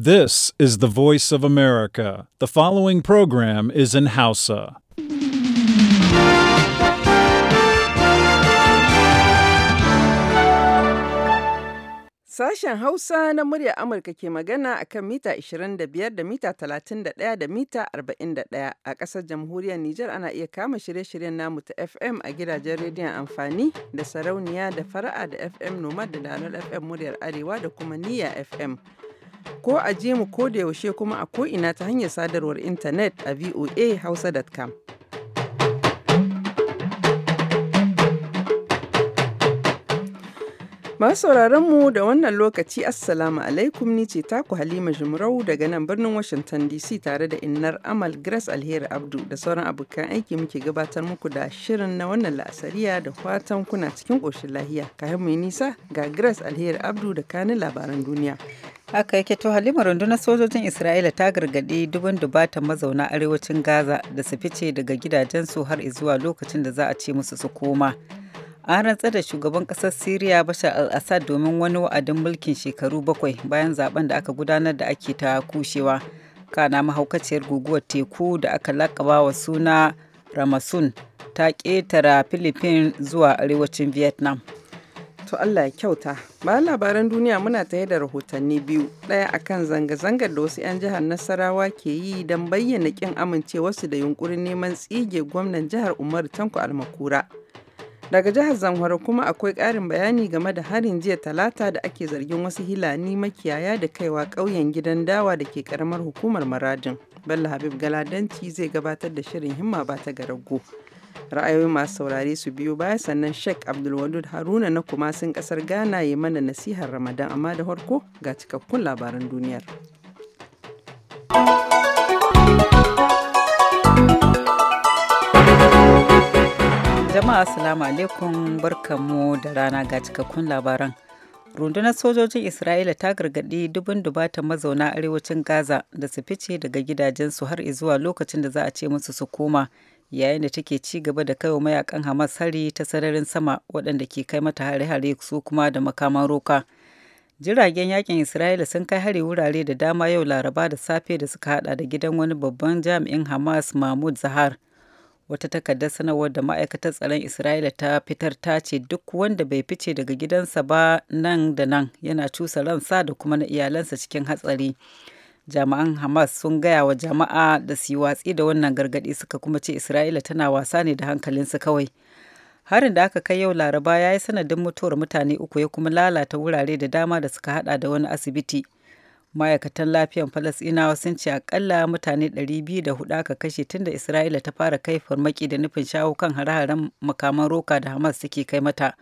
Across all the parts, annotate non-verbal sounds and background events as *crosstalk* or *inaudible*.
This is the voice of America. The following program is in Hausa. Sashen Hausa na muryar Amurka ke magana a kan mita 25 da mita 31 da mita 41 a ƙasar jamhuriyar Nijar ana iya kama shirye-shiryen namu ta FM a gidajen rediyon amfani da sarauniya da fara'a da FM Nomad da Dalol FM muryar Arewa da kuma Niyya FM. ko a je mu ko da yaushe kuma a ko'ina ta hanyar sadarwar intanet a voahausa.com. Masu mu da wannan lokaci Assalamu alaikum ni ce taku Halima Jumrau daga nan birnin Washington DC tare da innar Amal Grace Alheri Abdu da sauran abokan aiki muke gabatar muku da shirin na wannan la'asariya da fatan kuna cikin ƙoshin lahiya. Kafin mai nisa ga Grace Alheri Abdu da kanin labaran duniya. haka yake to halima rundunar sojojin isra'ila ta gargaɗi dubin dubatan mazauna arewacin gaza da su fice daga gidajensu har zuwa lokacin da za a ce musu su koma an rantsa da shugaban ƙasar syria bashar al-assad domin wani wa'adin mulkin shekaru bakwai bayan zaben da aka gudanar da ake ta kushewa kana mahaukaciyar guguwar teku da aka lakaba wa suna ramasun ta ƙetara filipin zuwa arewacin vietnam To Allah ya kyauta. Bayan labaran duniya muna tare da rahotanni biyu. Ɗaya akan zanga-zangar da wasu 'yan jihar Nasarawa ke yi don bayyana kin amincewarsu da yunkurin neman tsige gwamnan jihar Umar Tanko Almakura. Daga jihar Zamfara kuma akwai ƙarin bayani game da harin jiya talata da ake zargin wasu hilani makiyaya da kaiwa ƙauyen gidan dawa da ke ƙaramar hukumar Maradin. Bello Habib Galadanci zai gabatar da shirin himma ba ta garago. ra'ayoyin masu saurare su biyo baya sannan Sheikh Abdulwadud Haruna na kumasin kasar Ghana ya mana nasihar Ramadan amma da farko ga cikakkun labaran duniyar. Jama'a Assalamu alaikum barkamu da rana ga cikakkun labaran. rundunar sojojin isra'ila ta gargaɗi dubin dubatan mazauna arewacin gaza da su fice daga gidajensu har zuwa lokacin da za a ce musu su koma yayin da take ci gaba da kaiwa mayakan Hamas hari ta sararin sama waɗanda ke kai mata hare-hare su kuma da makaman roka. Jiragen yakin Isra'ila sun kai hari wurare da dama yau Laraba da safe da suka hada da gidan wani babban jami'in Hamas Mahmud Zahar. Wata takardar sanarwar da ma'aikatar tsaron Isra'ila ta fitar ta ce duk wanda bai fice daga gidansa ba nan da nan yana cusa ransa da kuma na iyalansa cikin hatsari. jami'an hamas sun gaya wa jama'a da su yi watsi da wannan gargaɗi suka kuma ce isra'ila tana wasa ne da hankalinsu kawai harin da aka kai yau laraba ya yi sanadin mutuwar mutane uku ya kuma lalata wurare da dama da suka hada da wani asibiti ma'aikatan lafiyan falasɗinawa sun ce akalla mutane biyu da 204 aka kashe tun da isra'ila ta fara kai farmaki da nufin shawo kan hare-haren makaman roka da hamas suke kai mata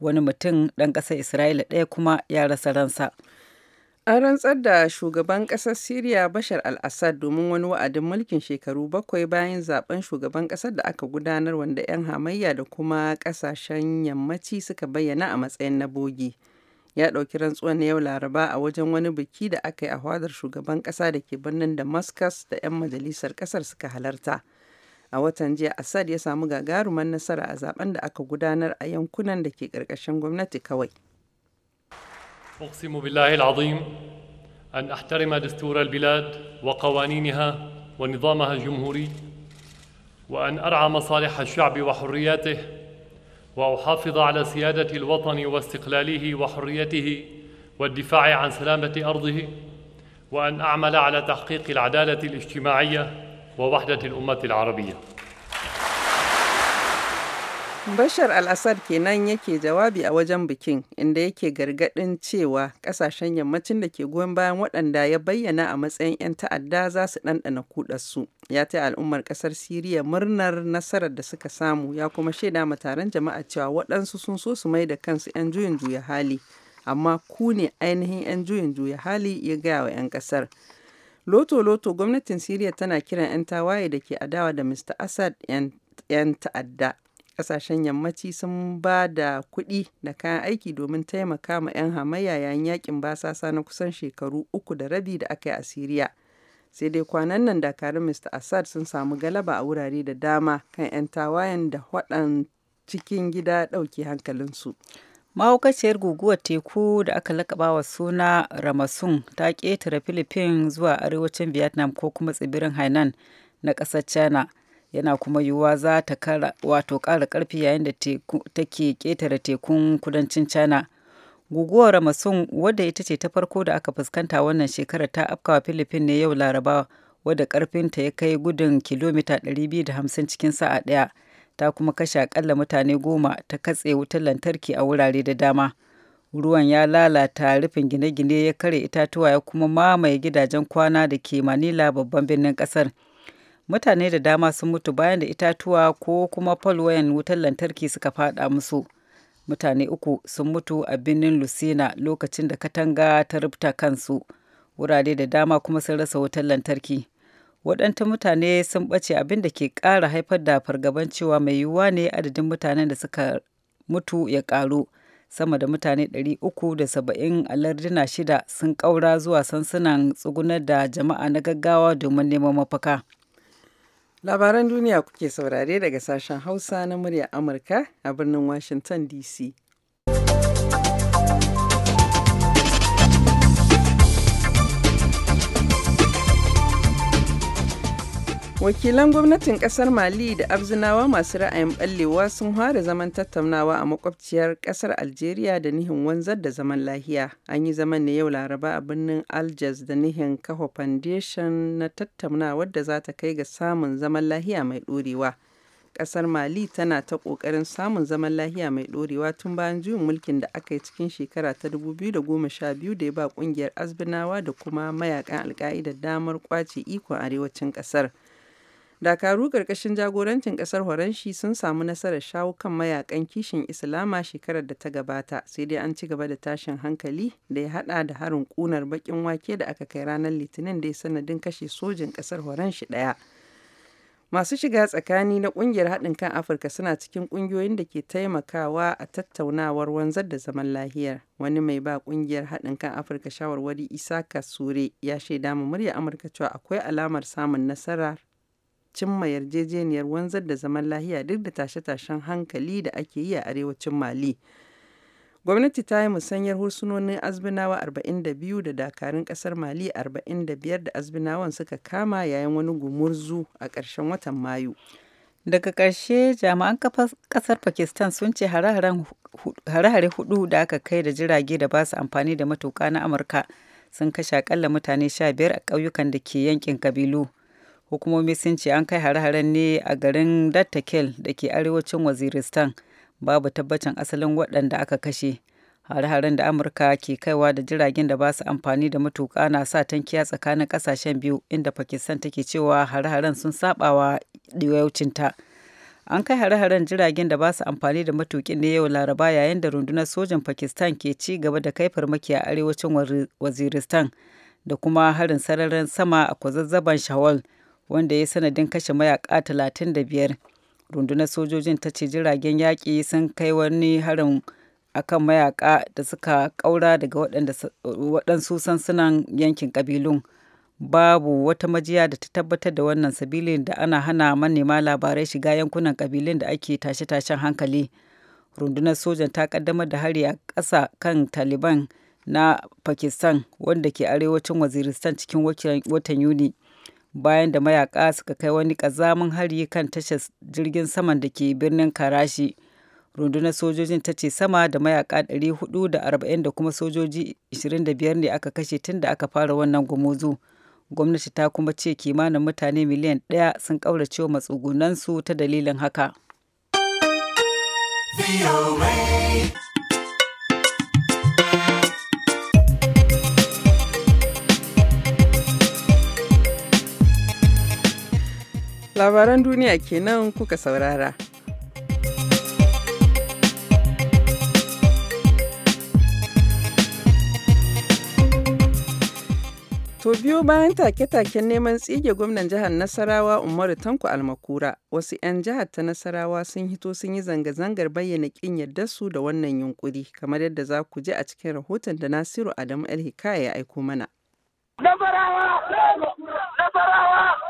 wani mutum ɗan ƙasar isra'ila ɗaya kuma ya rasa ransa An rantsar da shugaban ƙasar Siriya Bashar al-Assad domin wani wa'adin mulkin shekaru bakwai bayan zaben shugaban ƙasar da aka gudanar wanda 'yan hamayya da kuma ƙasashen yammaci suka bayyana a matsayin na bogi. Ya ɗauki rantsuwar na yau Laraba a wajen wani biki da aka yi a hwadar shugaban ƙasa da ke birnin Damascus da 'yan majalisar ƙasar suka halarta. A watan jiya Assad ya samu gagarumar nasara a zaben da aka gudanar a yankunan da ke ƙarƙashin gwamnati kawai. أقسم بالله العظيم أن أحترم دستور البلاد وقوانينها ونظامها الجمهوري وأن أرعى مصالح الشعب وحرياته وأحافظ على سيادة الوطن واستقلاله وحريته والدفاع عن سلامة أرضه وأن أعمل على تحقيق العدالة الاجتماعية ووحدة الأمة العربية Bashar al-Assad kenan yake jawabi a wajen bikin inda yake gargadin cewa kasashen yammacin da ke goyon bayan waɗanda ya bayyana a matsayin 'yan ta'adda za su ɗanɗana kudarsu. Ya taya al'ummar ƙasar Siriya murnar nasarar da suka samu ya kuma shaida ma taron jama'a cewa waɗansu sun so su mai da kansu 'yan juyin juya hali amma ku ne ainihin 'yan juyin juya hali ya gaya wa 'yan ƙasar. Loto-loto gwamnatin Siriya tana kiran 'yan tawaye da ke adawa da Mr. Assad 'yan ta'adda kasashen yammaci sun ba da kuɗi da kayan aiki domin taimaka ma 'yan hamayya yayin yakin basasa na kusan shekaru uku da rabi da aka yi a Siriya. Sai dai kwanan nan dakarun Mr. Assad sun samu galaba a wurare da dama kan 'yan tawayen da waɗan cikin gida ɗauke hankalinsu. mahaukaciyar guguwar teku da aka lakaba wa suna ramasun ta ƙetare philippines zuwa arewacin vietnam ko kuma tsibirin hainan na ƙasar china yana kuma yiwuwa za ta wato ƙara karfi yayin da take ƙetare tekun kudancin china guguwar ramasun wadda ita ce ta farko da aka fuskanta wannan shekarar ta afkawa filifin ne yau laraba wadda karfinta ya kai gudun kilomita 250 cikin sa'a ɗaya ta kuma kashe akalla mutane goma ta katse wutar lantarki a wurare da dama ruwan ya lalata rufin gine-gine ya kare itatuwa ya kuma mamaye gidajen kwana da ke manila babban birnin kasar mutane da dama sun mutu bayan da itatuwa ko kuma wayan wutar lantarki suka fada musu mutane uku sun mutu a birnin lucina lokacin da katanga ta rubuta kansu wurare da dama kuma sun rasa wutar lantarki waɗanta mutane sun ɓace abin da ke ƙara haifar da fargaban cewa mai yiwuwa ne adadin mutanen da suka mutu ya ƙaru sama da mutane 370 a lardina shida sun ƙaura zuwa sansunan tsugunar da jama'a na gaggawa domin neman mafaka. Labaran duniya kuke saurare daga sashen Hausa na murya Amurka a birnin Washington DC. wakilan gwamnatin kasar mali da abzinawa masu ra'ayin ballewa sun hware zaman tattaunawa a makwabciyar kasar algeria da nihin wanzar da zaman lahiya an yi zaman ne yau laraba a birnin algiers da nihin kafa foundation na tattaunawar da za ta kai ga samun zaman lahiya mai dorewa kasar mali tana ta kokarin samun zaman lahiya mai dorewa tun bayan juyin mulkin da aka yi cikin shekara ta 2012 da ya ba kungiyar azbinawa da kuma mayakan alka'idar damar kwace ikon arewacin kasar. Dakaru ƙarƙashin jagorancin ƙasar Horanshi sun samu nasarar shawo kan mayakan kishin Islama shekarar da ta gabata, sai dai an ci gaba da tashin hankali da ya haɗa da harin ƙunar baƙin wake da aka kai ranar Litinin da ya sanadin kashe sojin ƙasar Horanshi ɗaya. Masu shiga tsakani na ƙungiyar haɗin kan Afirka suna cikin ƙungiyoyin da ke taimakawa a tattaunawar wanzar da zaman lahiyar. Wani mai ba ƙungiyar haɗin kan Afirka shawarwari isa kasure ya shaida mu murya Amurka cewa akwai alamar samun nasara cimma yarjejeniyar wanzar da zaman lahiya duk da tashe-tashen hankali da ake yi a arewacin Mali. Gwamnati ta yi musanyar hursunonin azbinawa 42 da dakarun kasar Mali 45 da azbinawan suka kama yayin wani gumurzu a ƙarshen watan Mayu. Daga ƙarshe jami'an ƙasar Pakistan sun ce hare-hare hudu da aka kai da jirage da ba su amfani da matuka na Amurka sun kashe akalla mutane 15 a ƙauyukan da ke yankin kabilu. hukumomi sun ce an kai hare-haren ne a garin dattakel da ke arewacin waziristan babu tabbacin asalin waɗanda aka kashe hare-haren da amurka ke kaiwa da jiragen da ba su amfani da matuƙa na sa tankiya tsakanin ƙasashen biyu inda pakistan take cewa hare-haren sun saɓawa ta an kai hare-haren jiragen da ba su amfani da matuƙin ne yau laraba yayin da rundunar sojan pakistan ke ci gaba da kai farmaki a arewacin waziristan da kuma harin sararin sama a kwazazzaban shawal wanda ya yi sanadin kashe mayaka 35 rundunar sojojin ta ce jiragen yaƙi sun kai wani harin akan mayaka da suka ƙaura daga waɗansu sansunan yankin ƙabilun babu wata majiya da ta tabbatar da wannan sabilin da ana hana manema labarai shiga yankunan ƙabilun da ake tashe-tashen hankali rundunar sojan ta ƙaddamar da hari a ƙasa kan taliban na pakistan wanda ke arewacin waziristan cikin watan yuni bayan da mayaka suka kai wani kazamin hari kan tashar jirgin saman da ke birnin karashi rundunar sojojin ta ce sama da mayaka 440 da kuma sojoji 25 ne aka kashe tun da aka fara wannan gumuzu gwamnati ta kuma ce kimanin mutane miliyan ɗaya sun ƙaurace wa matsugunansu ta dalilin haka. Labaran duniya kenan kuka saurara. To biyo bayan take-taken neman tsige gwamnan jihar Nasarawa Umaru Tanko Almakura, wasu 'yan jihar ta Nasarawa sun hito sun yi zanga-zangar bayyana kin yadda su da wannan yunkuri, kamar yadda za ku ji a cikin rahoton da Nasiru Adamu El ya aiko mana. Nasarawa! Nasarawa!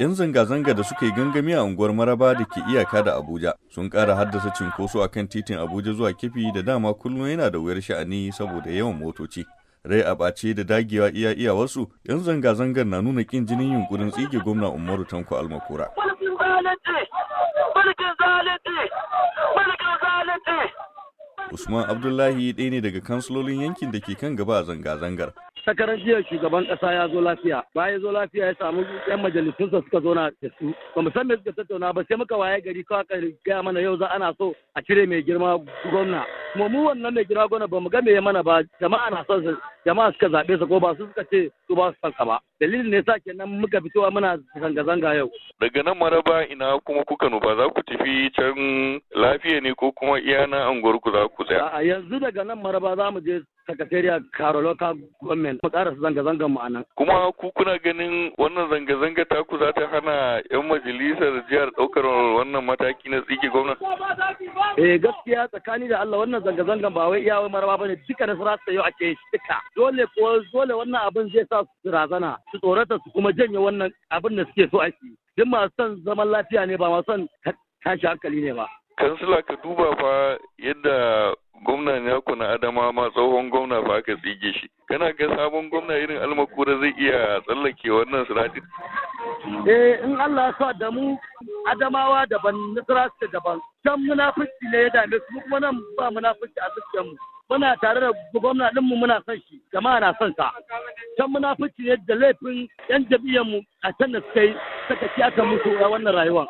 Yan zanga-zanga da suka yi gangami a unguwar Maraba da ke iyaka da Abuja sun ƙara haddasa cinkoso a kan titin Abuja zuwa Kifi da dama kullum yana da wuyar sha'ani saboda yawan motoci. Rai a ɓace da dagewa iya iya wasu, yan zanga-zangar na nuna ƙin jinin yunkurin tsige gwamna Umaru Tanko Almakura. Usman Abdullahi ɗaya ne daga kansilolin yankin da ke kan gaba a zanga-zangar. sakarar jiya shugaban kasa ya zo lafiya bayan ya zo lafiya ya samu yan majalisunsa suka zo na da su ba mu san me suka tattauna ba sai muka waye gari kawai ka gaya mana yau za ana so a cire mai girma gwamna kuma mu wannan mai girma gwamna ba mu ga me ya mana ba jama'a na son jama'a suka zabe sa ko ba su suka ce su ba su ba dalilin ne yasa kenan muka fitowa muna zanga-zanga yau. daga nan maraba ina kuma kuka nufa za ku tafi can lafiya ne ko kuma iya na anguwar ku za ku tsaya. a yanzu daga nan maraba za mu je sakatariya local government mu karasa zanga-zangar mu anan. kuma ku kuna ganin wannan zanga-zanga ta ku za ta hana yan majalisar jihar ɗaukar wannan mataki na tsike gwamnati. eh gaskiya tsakani da Allah wannan zanga-zangan ba wai iyawai maraba bane duka na sarasa yau ake shi duka dole ko dole wannan abin zai sa su razana su tsorata su kuma janye wannan abin da suke so ake duk masu son zaman lafiya ne ba masu son tashi hankali ne ba. kansila ka duba fa yadda gwamna ya na adama ma tsohon gwamna fa aka tsige shi kana ga sabon gwamna irin almakura zai iya tsallake wannan siratin eh in Allah ya sa da mu adamawa daban nasara daban can munafici ne ya dame su kuma nan ba munafici a cikin mu muna tare da gwamna ɗinmu muna son shi jama'a na son sa can munafici ne da laifin yan jam'iyyar mu a can da suka yi suka ci aka mutu a wannan rayuwar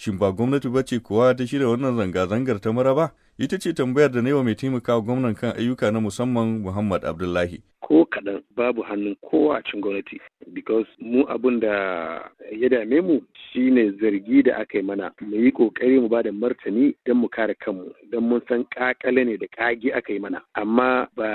Shin ba gwamnati ba ce kuwa ta shirya wannan zanga-zangar ta maraba? Ita ce tambayar da na yi wa gwamnan kan ayyuka na musamman Muhammad Abdullahi. Ko kaɗan babu hannun kowa a cikin gwamnati because mu abun da ya dame mu shine zargi da aka yi mana mu yi kokari mu bada martani don mu kare kanmu don mun san kakale ne da kage aka yi mana amma ba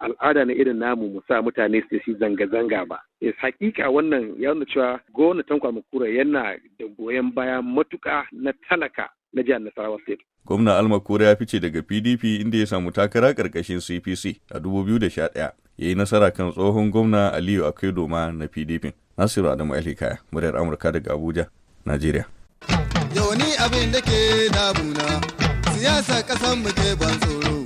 al'ada na irin namu mu sa mutane su shi zanga-zanga ba yes hakika wannan ya nuna cewa gwamnatin kura yana da goyon baya matuka na talaka na jihar nasarawa state Gwamna Alma kore ya fice daga PDP inda ya samu takara karkashin CPC a 2011. Ya yi nasara kan tsohon gwamna Aliyu Akaidoma na PDP. Nasiru Adamu Alikaya, muryar Amurka daga Abuja, Najeriya. Yau abin da ke damuna, siyasa mu ke ban tsoro.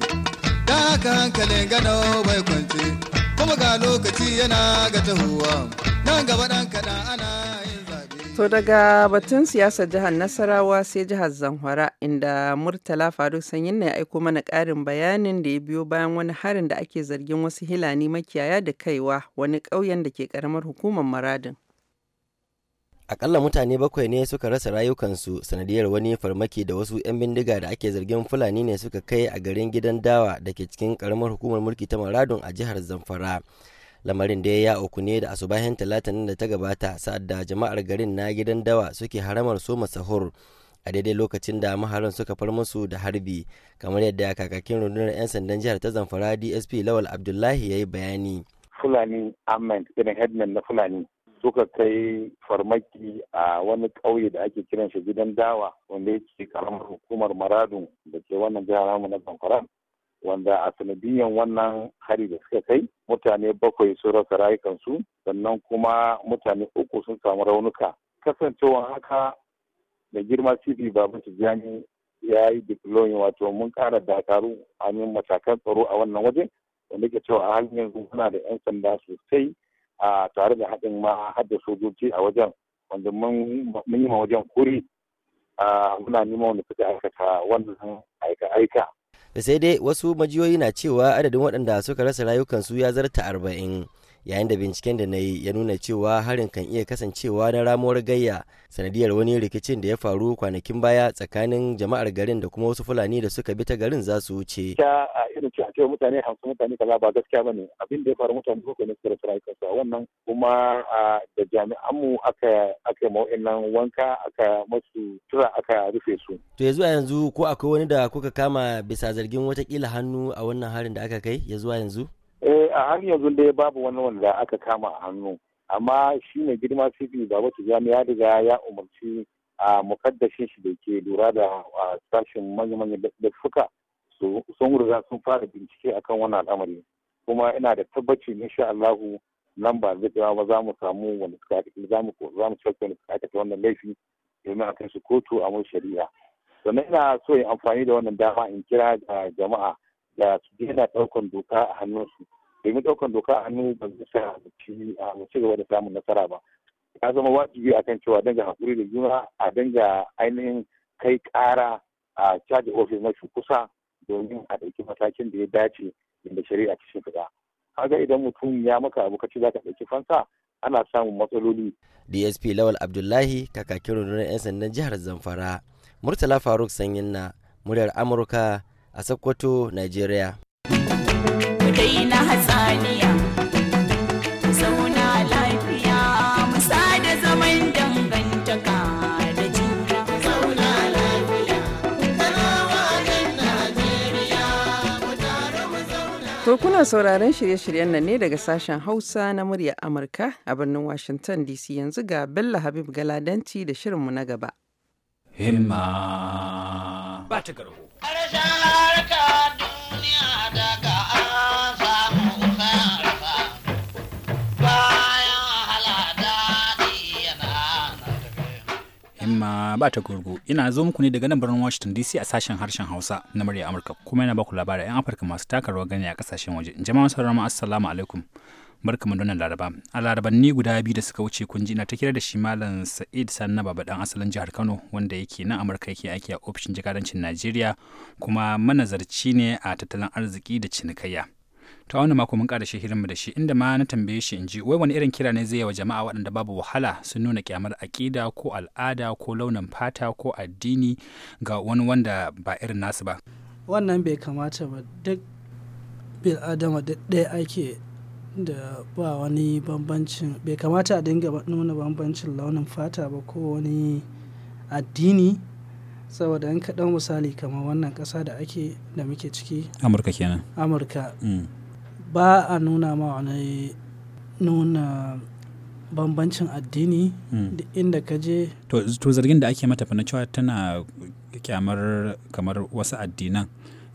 Da haka hankalin gano bai kwance, kuma ga lokaci yana ga tahowa. Nan gaba dan kaɗan ana To daga batun siyasar jihar Nasarawa sai jihar Zamfara inda Murtala Faruk Sanyin na ya aiko mana karin bayanin da ya biyo bayan wani harin da ake zargin wasu Hilani makiyaya da kaiwa wani ƙauyen da ke karamar hukumar Maradin. Akalla mutane bakwai ne suka rasa rayukansu sanadiyar wani farmaki da wasu 'yan bindiga da ake zargin Fulani ne suka kai a garin gidan dawa da ke cikin ƙaramar hukumar mulki ta Maradun a jihar Zamfara. lamarin da ya uku ne da asubahin talatin da ta gabata sa'ad da jama'ar garin na gidan dawa suke haramar soma sahur a daidai lokacin da maharan suka far musu da harbi kamar yadda kakakin rundunar 'yan sandan jihar ta zamfara dsp lawal abdullahi ya yi bayani fulani ahmed irin headman na fulani suka kai farmaki a wani ƙauye da ake kiran shi gidan dawa wanda yake karamar hukumar maradun da ke wannan jihar namu na zamfara wanda a sanadiyan wannan hari da suka kai mutane bakwai sun rasa rayukansu sannan kuma mutane uku sun samu raunuka kasancewar haka da girma cv babu tijjani ya yi diplomi wato mun kara dakaru a matakan tsaro a wannan waje wanda ke cewa a halin yanzu muna da 'yan sanda sosai a tare da haɗin ma har sojoji a wajen wanda mun yi ma wajen kuri muna neman wanda suka aikata wannan aika-aika sai dai wasu majiyoyi na cewa adadin waɗanda suka rasa rayukansu ya zarta arba'in yayin da binciken da na yi ya nuna cewa harin kan iya kasancewa na ramuwar gayya sanadiyar wani rikicin da ya faru kwanakin baya tsakanin jama'ar garin da kuma wasu fulani da suka bi ta garin za su wuce. Ya a irin cewa cewa mutane hamsin mutane kaza ba gaskiya bane abin da ya faru mutane uku ne suka rasa rayukansu wannan kuma da jami'an mu aka aka ma'o'in wanka aka masu tura aka rufe su. to ya zuwa yanzu ko akwai wani da kuka kama bisa zargin watakila hannu a wannan harin da aka kai ya zuwa yanzu. eh a har yanzu dai babu wani wanda aka kama a hannu amma shi ne girma cp Babu tijjani ya riga ya umarci a mukaddashin shi da ke lura da sashen manya-manya dafuka sun riga sun fara bincike akan wani al'amari kuma ina da tabbaci sha Allahu nan ba zai ba za mu samu wani suka za mu za mu sauke wanda wannan laifi domin a kai su kotu a mun shari'a sannan ina so in amfani da wannan dama in kira da jama'a da su daina ɗaukan doka a hannunsu domin ɗaukan doka a hannu ba zai sa a ci gaba da samun nasara ba ya zama wajibi akan cewa danga hakuri da juna a danga ainihin kai ƙara a caji ofis na kusa domin a ɗauki matakin da ya dace inda shari'a ta shimfiɗa kaga idan mutum ya maka abu kaci za zaka ɗauki fansa ana samun matsaloli. dsp lawal abdullahi kakakin rundunar 'yan sandan jihar zamfara murtala faruk sanyin na muryar amurka a Sokoto, Najeriya. Daina hatsaniya, zauna lafiya, da zaman dangantaka da To kuna sauraron shirye-shiryen nan ne daga sashen Hausa na muryar Amurka a birnin Washington DC yanzu ga Bello Habib Galadanci da shirinmu na gaba. himma ba ta garho. Himma ba ta gurgu ina zo muku ne daga nan birnin Washington DC a sashen harshen Hausa na murya Amurka kuma yana baku labarin 'yan Afirka masu taka rawar gani a kasashen waje. Jama'a sauran assalamu alaikum. barkamu da laraba a larabanni guda biyu da suka wuce kun ji na ta kira da shi malam sa'id sanna baba dan asalin jihar kano wanda yake nan amurka yake aiki a ofishin jakadancin najeriya kuma manazarci ne a tattalin arziki da cinikayya a wani mako mun ƙara mu da shi inda ma na tambaye shi in ji wai wani irin kira ne zai wa jama'a waɗanda babu wahala sun nuna kyamar aƙida ko al'ada ko launin fata ko addini ga wani wanda ba irin nasu ba wannan bai kamata ba duk bil adama ɗaya ake da ba wani bambancin. Bai kamata a dinga nuna bambancin launin fata ba ko wani addini. Saboda in ka misali kamar wannan ƙasa da ake da muke ciki. Amurka kenan. Amurka. Mm. Ba a nuna ma wani nuna bambancin addini mm. inda ka je. To zargin da ake mata fana cewa tana kyamar kamar wasu addinan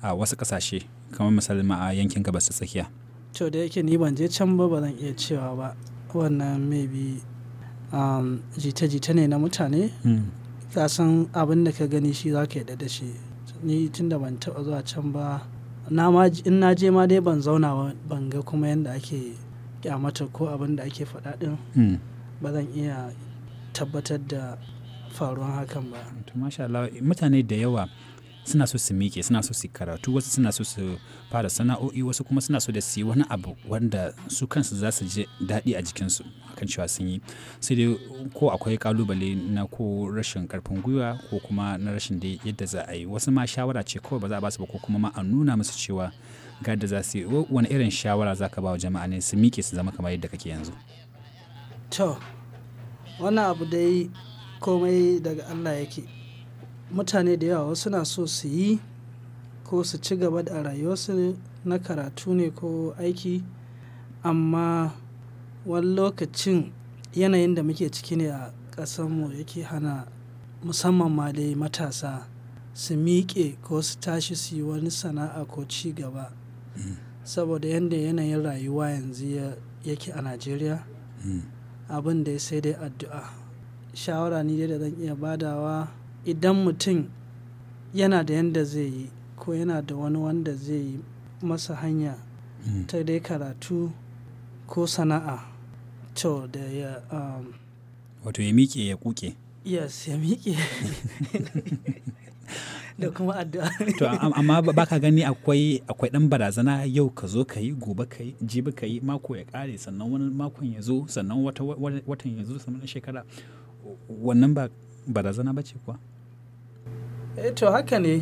a wasu ƙasashe kamar misali ma a yankin gabas ta tsakiya. To da yake ni ban je can ba, ba zan iya cewa ba. Wannan maybe um, jita-jita ne na mutane. Hmm. Ka san abin da ka gani shi za ka yarda da shi. Ni tun da ban taɓa zuwa can ba, na in na je ma dai ban zauna ban ga kuma yadda ake kyamata ko abin da ake faɗa ɗin. Hmm. Ba zan iya tabbatar da faruwan hakan ba. mutane da yawa suna so su miƙe suna so su karatu wasu suna so su fara sana'o'i wasu kuma suna so da su yi wani abu wanda su kansu za su ji daɗi a jikinsu akan cewa sun yi sai dai ko akwai kalubale na ko rashin karfin gwiwa ko kuma na rashin da yadda za a yi wasu ma shawara ce kawai ba za a ba su ba ko kuma ma a nuna musu cewa ga da za su yi wani irin shawara za ka ba wa jama'a ne su miƙe su zama kamar yadda kake yanzu to wannan abu dai komai daga allah yake mutane da yawa wasu na so su yi ko su ci gaba da rayuwarsu na karatu ne ko aiki amma wani lokacin yanayin da muke ciki ne a ƙasanmu yake hana musamman ma dai matasa su miƙe ko su tashi su yi wani sana'a ko ci gaba saboda yadda yanayin rayuwa yanzu yake a najeriya abin da sai dai addu'a shawara ni dai da zan iya badawa idan mutum yana da yanda zai yi ko yana da wani wanda zai yi masa hanya hmm. ta dai karatu ko sana'a to da ya um, wato ya miƙe ya kuke yes ya miƙe *laughs* da kuma addu'a to amma ba ka gani akwai akwai dan barazana yau ka zo ka yi gobe ka yi jibi ka yi mako ya kare sannan wani makon ya zo sannan watan ya zo sannan shekara wannan ba barazana ba ce kuwa e to haka ne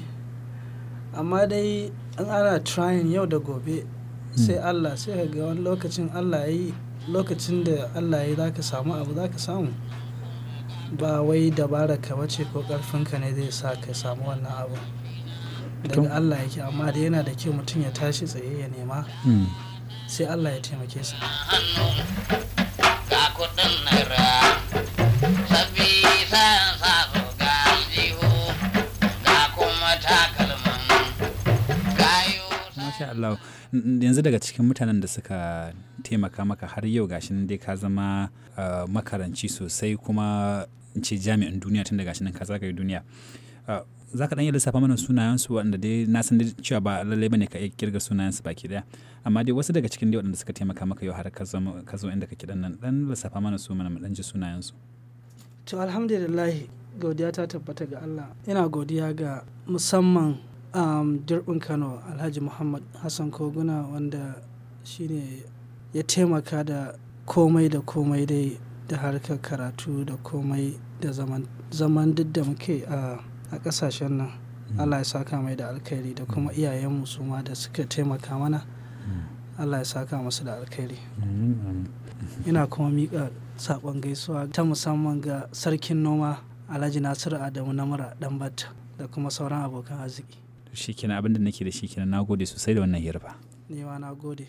amma dai an ana trying yau da gobe sai hmm. Allah sai ga wani lokacin Allah yi lokacin da Allah ya za ka samu abu za ka samu ba wai dabara ka bace ko karfinka ne zai sa ka samu wannan abu daga Allah yake amma da yana da kyau mutum ya tashi tsaye ya nema hmm. sai Allah ya taimake sa insha Allah yanzu daga cikin mutanen da suka taimaka maka har yau gashi nan dai ka zama ah, makaranci sosai kuma ce jami'in duniya tun da gashi nan ka yi duniya ah, za ka ɗan yi lissafa mana sunayensu waɗanda dai na san cewa ba lallai bane ka iya kirga sunayensu baki daya amma dai wasu daga cikin dai waɗanda suka taimaka maka yau har ka zo inda kake dan nan ɗan lissafa mana su mana ɗan ji sunayensu. to alhamdulillah godiya ta tabbata ga Allah ina godiya ga musamman um, Dirbin Kano Alhaji Muhammad Hassan Koguna wanda shine ya taimaka da komai da komai dai da harkar karatu da komai da zaman, duk da muke a kasashen nan. Mm. Allah ya saka mai da alkhairi da kuma mm. iyayenmu su ma da suka taimaka mana. Mm. Allah ya saka masu da alkhairi. Ina kuma miƙa saƙon gaisuwa ta musamman ga sarkin noma Alhaji Nasiru Adamu mura Ɗanbata da kuma sauran abokan arziki. shi kenan abinda nake da shi kenan na gode sosai da wannan hirba. Ni ma na gode.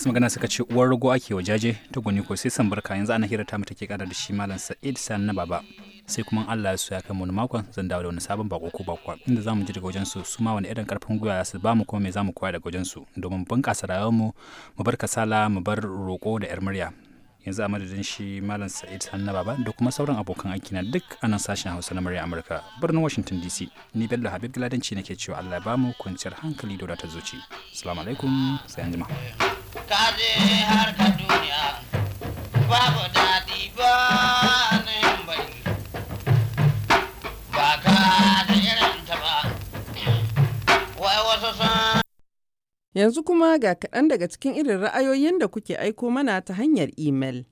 masu magana suka ce uwar rago ake wa jaje ta gwani ko sai sambarka yanzu ana hirata mu take kara da shi malam sa'id san na baba sai kuma Allah ya so ya kai mu makon zan dawo da wani sabon bako ko bakwa inda zamu ji daga wajen su su ma wani irin karfin gwiwa su ba mu kuma me zamu koya daga wajen su domin bunƙasa rayuwar mu mu bar kasala mu bar roko da yar murya yanzu a madadin shi malam sa'id hanna baba da kuma sauran abokan aiki na duk anan sashen hausa na murya amurka birnin washington dc ni bello habib gladanci nake cewa allah ya bamu kwanciyar hankali da wadatar zuci salamu alaikum sai an jima Yanzu kuma ga kaɗan daga cikin irin ra'ayoyin da kuke aiko mana ta hanyar imel.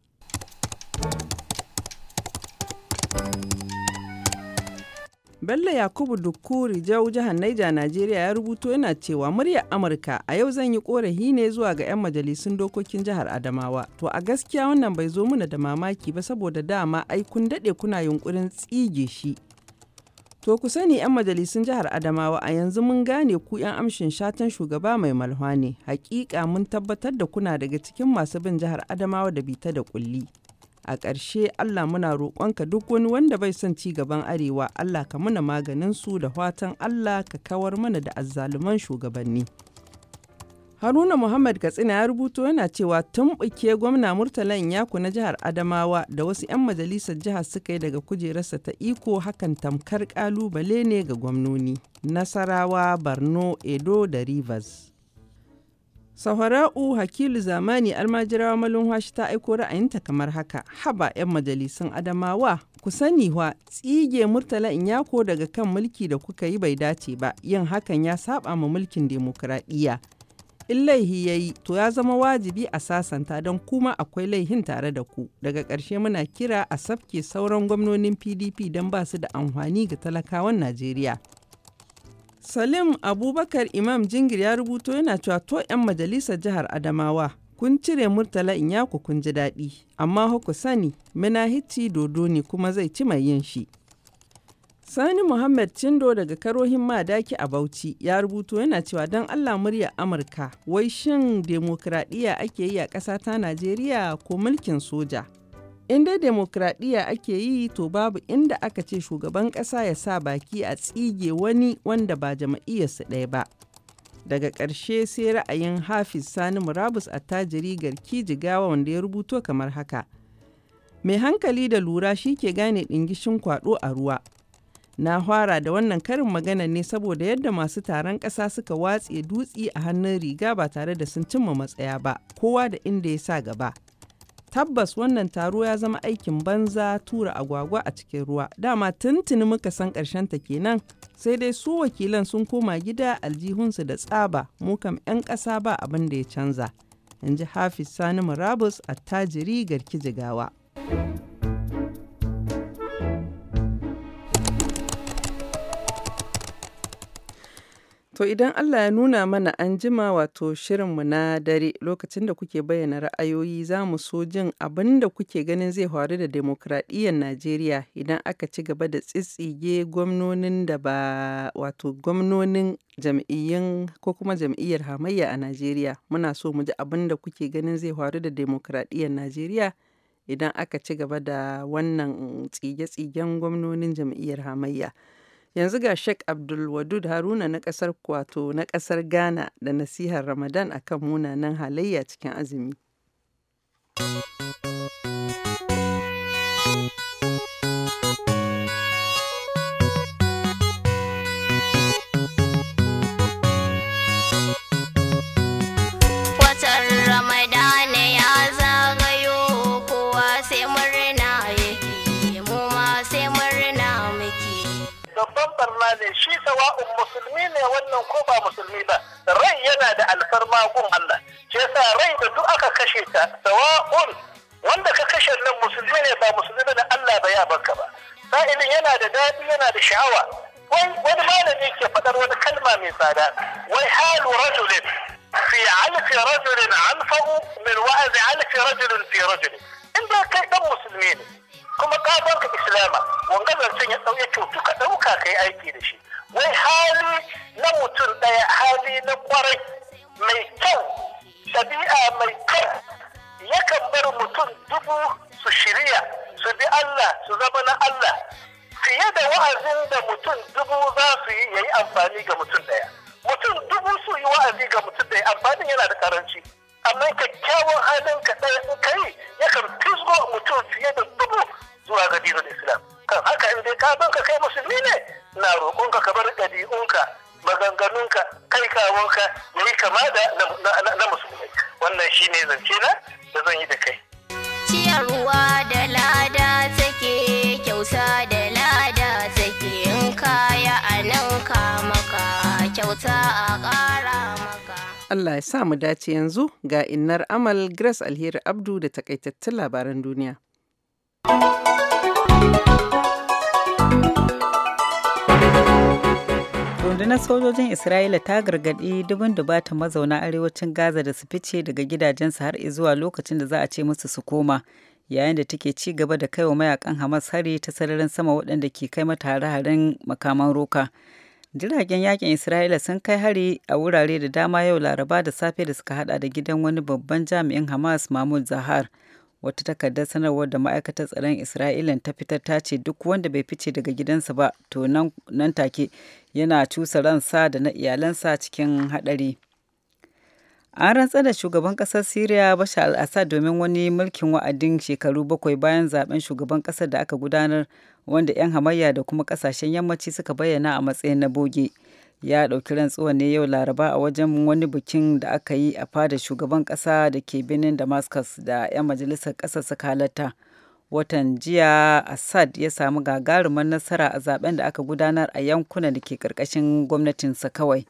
Bello Yakubu Dukuri Jau jihar Naija Najeriya ya rubuto yana cewa muryar Amurka a yau zan yi korafi ne zuwa ga 'yan majalisun dokokin jihar Adamawa. To a gaskiya wannan bai zo muna da mamaki ba saboda dama ai kun daɗe kuna yunkurin tsige shi To ku sani 'yan majalisun jihar Adamawa a yanzu mun gane ku 'yan amshin shatan shugaba mai malhwa ne. Hakika mun tabbatar da kuna daga cikin masu bin jihar Adamawa da bita da kulli. a ƙarshe Allah muna roƙonka duk wani wanda bai son ci gaban arewa Allah ka muna maganin su da fatan Allah ka kawar mana da azzaluman shugabanni. Haruna Muhammad Katsina ya rubuto yana cewa tun tumbuke gwamna Murtala Inyaku na jihar Adamawa da wasu 'yan majalisar jihar suka yi daga kujerarsa ta iko hakan tamkar kalubale ne ga gwamnoni. Nasarawa, barno Edo da Rivers. sahara'u Hakilu Zamani almajirawa malumhashi ta aiko ra'ayinta kamar haka, haba 'yan majalisun Adamawa, ku sani wa tsige Murtala Inyako daga kan mulki da kuka yi bai dace ba, yin hakan ya saba ma mulkin demokuraɗiyya. in laihi ya yi to ya zama wajibi a sasanta don kuma akwai laihin tare da ku daga ƙarshe muna kira a safke sauran gwamnonin pdp don ba su da amfani ga talakawan najeriya salim abubakar imam jingir ya rubuto yana cewa to 'yan majalisar jihar adamawa kun cire murtala in yaku kun ji daɗi amma hukusani sani muna dodo ne kuma zai ci mai yin shi Sani Muhammad Cindo daga Karohin Madaki a Bauchi ya rubuto yana cewa don Allah murya Amurka wai shin demokradiyya ake yi a ƙasa ta Najeriya ko mulkin soja? In dai demokradiyya ake yi to babu inda aka ce shugaban ƙasa ya sa baki a tsige wani wanda ba jama'iyyarsu ɗaya ba. Daga ƙarshe sai ra'ayin Hafiz Sani Murabus attajiri garki jigawa wanda ya rubuto kamar haka. Mai hankali da lura shi ke gane ɗingishin kwaɗo a ruwa, Na fara da wannan karin magana ne saboda yadda masu taron ƙasa suka watse dutsi a hannun riga ba tare da sun cimma matsaya ba, kowa da inda ya sa gaba. Tabbas wannan taro ya zama aikin banza tura agwagwa a cikin ruwa. Dama tuntuni muka san ƙarshen ta kenan, sai dai su wakilan sun koma gida aljihunsu da tsaba, mu kam 'yan ƙasa ba abin da ya canza. In ji Hafiz Sani Murabus attajiri garki jigawa. To idan Allah ya nuna mana anjima wato shirinmu na dare lokacin da kuke bayyana ra'ayoyi za mu so jin abin da kuke ganin zai faru da demokradiyyar Najeriya idan aka ci gaba da tsitsige gwamnonin da ba wato gwamnonin jam'iyyun ko kuma jam'iyyar hamayya a Najeriya. Muna so mu ji abin da kuke ganin zai faru da demokradiyyar Najeriya idan aka ci gaba da wannan tsige-tsigen gwamnonin jam'iyyar hamayya. Yanzu ga Sheikh Abdulwadud Haruna na ƙasar Kwato na ƙasar Ghana da nasihar Ramadan akan munanan halayya cikin azumi. فرماني شي سواء مسلمين ولا كوبا مسلمين ري ينا دا الفرما قوم الله جيسا ري دا دو كشيتا سواء وندا كشر نم مسلمين با مسلمين دا الله بيا بكبا فإن ينا دا دابي ينا دا شعوة وين وين ما لديك فدر وين كلمة من فادا وين حال رجل في علف رجل عنفه من وعز علف رجل في رجل إن دا مسلمين kuma ka islama wanga zancen ya ɗauke to ka ɗauka yi aiki da shi wai hali na mutum ɗaya hali na kwarai mai kyau ɗabi'a mai kyau yakan bar mutum dubu su shirya su bi Allah su zama na Allah fiye da wa'azin da mutum dubu za su yi ya yi amfani ga mutum Allah ya sa mu dace yanzu ga innar amal Grace Alheri Abdu da takaitattun labaran duniya. rundunar sojojin isra'ila ta gargaɗi dubin dubata mazauna arewacin gaza da su fice daga gidajensu har zuwa lokacin da za a ce musu su koma yayin da take ci gaba da kaiwa mayakan hamas hari ta sararin sama waɗanda ke kai mata hare-haren makaman roka Jiragen yakin Isra'ila sun kai hari a wurare da dama yau Laraba da safe da suka hada da gidan wani babban jami'in Hamas Mahmud Zahar. Wata takardar sanarwar da ma'aikatar tsaron Isra'ila ta fitar ta ce duk wanda bai fice daga gidansa ba to nan take yana cusa ransa da na iyalansa cikin hadari. an rantsar da shugaban kasar syria bashar al-assad domin wani mulkin wa'adin shekaru bakwai bayan zaben shugaban kasar da aka gudanar wanda 'yan hamayya da kuma kasashen yammaci suka bayyana a matsayin na boge ya ɗauki rantsuwa ne yau laraba a wajen wani bikin da aka yi a fada shugaban ƙasa da ke birnin damascus da 'yan majalisar ƙasar suka halatta watan jiya assad ya samu gagarumar nasara a zaben da aka gudanar a yankunan da ke ƙarƙashin gwamnatinsa kawai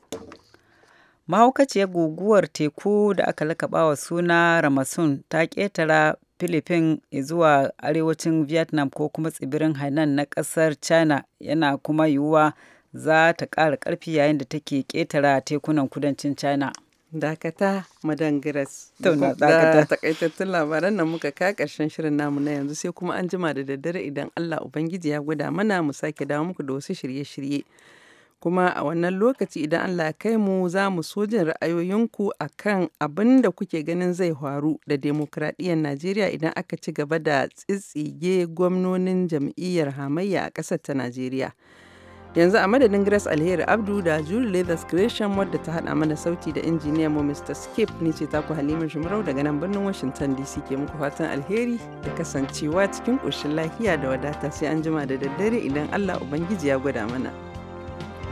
mahaukaciyar guguwar teku da aka wa suna ramasun ta ƙetara filifin zuwa arewacin vietnam ko kuma tsibirin hainan na ƙasar china yana kuma yiwuwa za ta ƙara ƙarfi yayin da take ketara tekunan kudancin china dakata madangaras da takaitattun labaran nan muka ka karshen shirin namu na yanzu sai kuma an jima da daddare idan allah ubangiji ya gwada mana mu sake dawo muku da wasu shirye-shirye Kuma a wannan lokaci idan Allah kai mu za mu so jin ra'ayoyinku a kan abin da kuke ganin zai faru da demokradiyyar Najeriya idan aka ci gaba da tsitsige gwamnonin jam'iyyar hamayya a ƙasar ta Najeriya. yanzu a madadin grace alheri abdu da julie leathers creation wadda ta hada mana sauti da injiniyan mu mr skip ni ce taku halima jimarau daga nan birnin washington dc ke muku fatan alheri da kasancewa cikin ƙoshin lafiya da wadata sai an jima da daddare idan allah ubangiji ya gwada mana